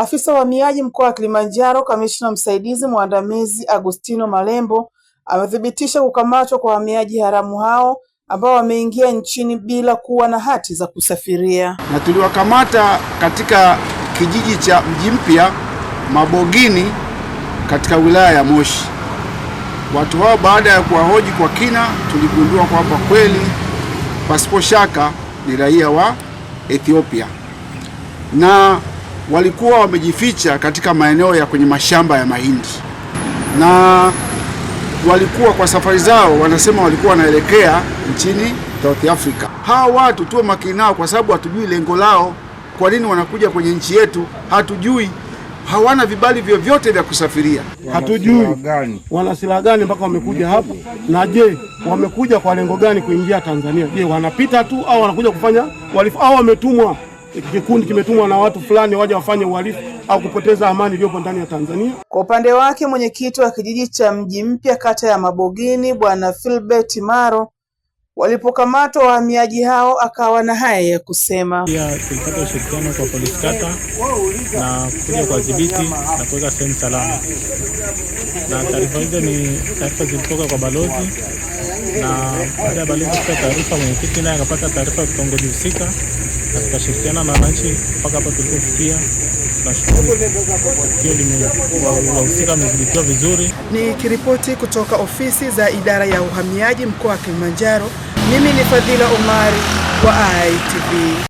Afisa uhamiaji mkoa wa Kilimanjaro, kamishna msaidizi mwandamizi Agustino Malembo amethibitisha kukamatwa kwa wahamiaji haramu hao ambao wameingia nchini bila kuwa na hati za kusafiria. Na tuliwakamata katika kijiji cha Mji Mpya Mabogini katika wilaya ya Moshi. Watu hao baada ya kuwahoji kwa kina, tuligundua kwamba kweli pasipo shaka ni raia wa Ethiopia na walikuwa wamejificha katika maeneo ya kwenye mashamba ya mahindi, na walikuwa kwa safari zao wanasema walikuwa wanaelekea nchini South Africa. Hawa watu tuwe makini nao, kwa sababu hatujui lengo lao. Kwa nini wanakuja kwenye nchi yetu? Hatujui, hawana vibali vyovyote vya kusafiria, hatujui wana silaha gani mpaka wamekuja hapa, na je, wamekuja kwa lengo gani kuingia Tanzania? Je, wanapita tu au wanakuja kufanya walifu au wametumwa? kikundi kimetumwa na watu fulani waje wafanye uhalifu au kupoteza amani iliyopo ndani ya Tanzania. Kwa upande wake mwenyekiti wa kijiji cha Mji Mpya kata ya Mabogini Bwana Philbert Maro Walipokamatwa wahamiaji hao, akawa na haya ya kusema. Pia tulipata ushirikiano kwa polisi kata na kuja dhibiti na kuweka sehemu salama, na taarifa hizo ni taarifa zilitoka kwa balozi, na baada ya balozi kupata taarifa, mwenyekiti naye akapata taarifa ya kitongoji husika, na tukashirikiana na wananchi mpaka hapa tulipofikia. Ni kiripoti kutoka ofisi za idara ya uhamiaji mkoa wa Kilimanjaro. Mimi ni Fadhila Omar wa ITV.